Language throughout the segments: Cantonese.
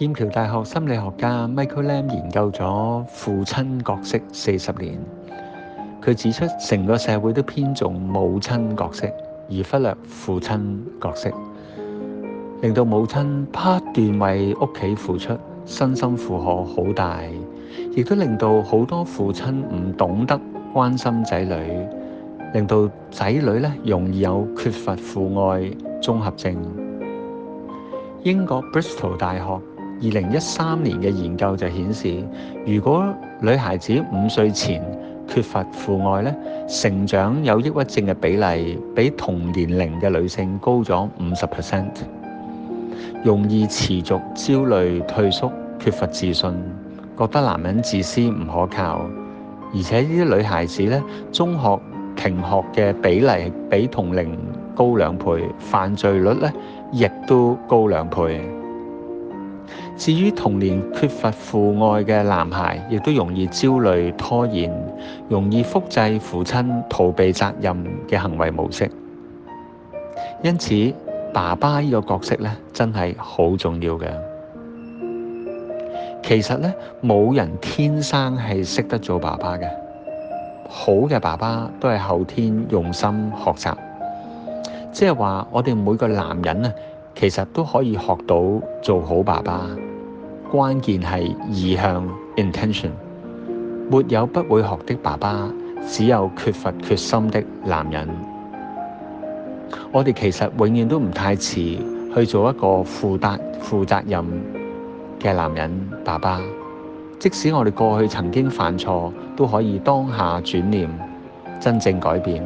劍橋大學心理學家 Michael Lam 研究咗父親角色四十年，佢指出，成個社會都偏重母親角色，而忽略父親角色，令到母親不斷為屋企付出，身心負荷好大，亦都令到好多父親唔懂得關心仔女，令到仔女咧，容易有缺乏父愛綜合症。英國 Bristol 大學二零一三年嘅研究就顯示，如果女孩子五歲前缺乏父愛咧，成長有抑鬱症嘅比例比同年齡嘅女性高咗五十 percent，容易持續焦慮、退縮、缺乏自信，覺得男人自私唔可靠，而且呢啲女孩子咧，中學停學嘅比例比同齡高兩倍，犯罪率咧亦都高兩倍。至於童年缺乏父愛嘅男孩，亦都容易焦慮、拖延，容易複製父親逃避責任嘅行為模式。因此，爸爸呢個角色咧，真係好重要嘅。其實咧，冇人天生係識得做爸爸嘅，好嘅爸爸都係後天用心學習。即係話，我哋每個男人啊。其實都可以學到做好爸爸，關鍵係意向 intention。沒有不會學的爸爸，只有缺乏決心的男人。我哋其實永遠都唔太遲去做一個負擔、負責任嘅男人爸爸。即使我哋過去曾經犯錯，都可以當下轉念，真正改變。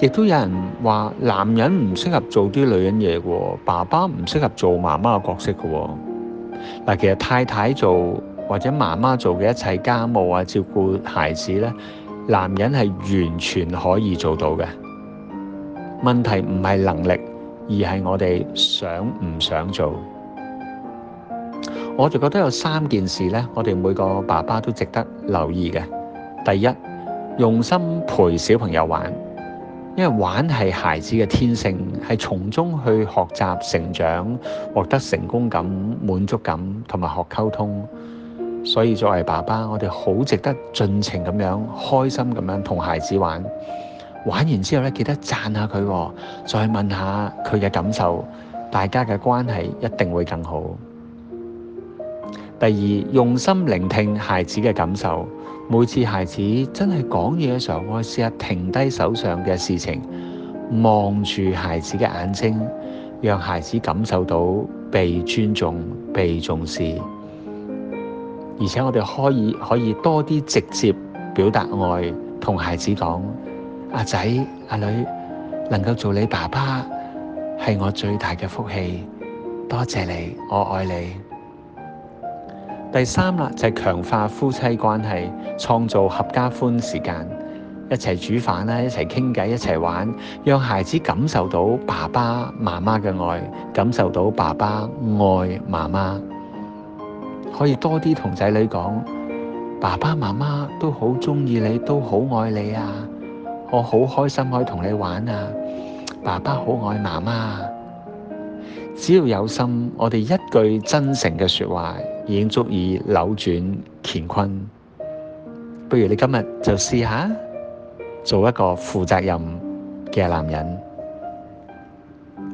亦都有人話男人唔適合做啲女人嘢喎，爸爸唔適合做媽媽嘅角色嘅喎。其實太太做或者媽媽做嘅一切家務啊，照顧孩子咧，男人係完全可以做到嘅。問題唔係能力，而係我哋想唔想做。我就覺得有三件事咧，我哋每個爸爸都值得留意嘅。第一，用心陪小朋友玩。因為玩係孩子嘅天性，係從中去學習、成長、獲得成功感、滿足感同埋學溝通，所以作為爸爸，我哋好值得盡情咁樣開心咁樣同孩子玩。玩完之後咧，記得讚下佢喎，再問下佢嘅感受，大家嘅關係一定會更好。第二，用心聆聽孩子嘅感受。每次孩子真係講嘢嘅時候，我試下停低手上嘅事情，望住孩子嘅眼睛，讓孩子感受到被尊重、被重視。而且我哋可以可以多啲直接表達愛，同孩子講：「阿仔、阿女，能夠做你爸爸，係我最大嘅福氣。」多謝你，我愛你。第三啦，就係強化夫妻關係，創造合家歡時間，一齊煮飯啦，一齊傾偈，一齊玩，讓孩子感受到爸爸媽媽嘅愛，感受到爸爸愛媽媽，可以多啲同仔女講：爸爸媽媽都好中意你，都好愛你啊！我好開心可以同你玩啊！爸爸好愛媽媽，只要有心，我哋一句真誠嘅説話，已經足以扭轉乾坤，不如你今日就試下，做一個負責任嘅男人。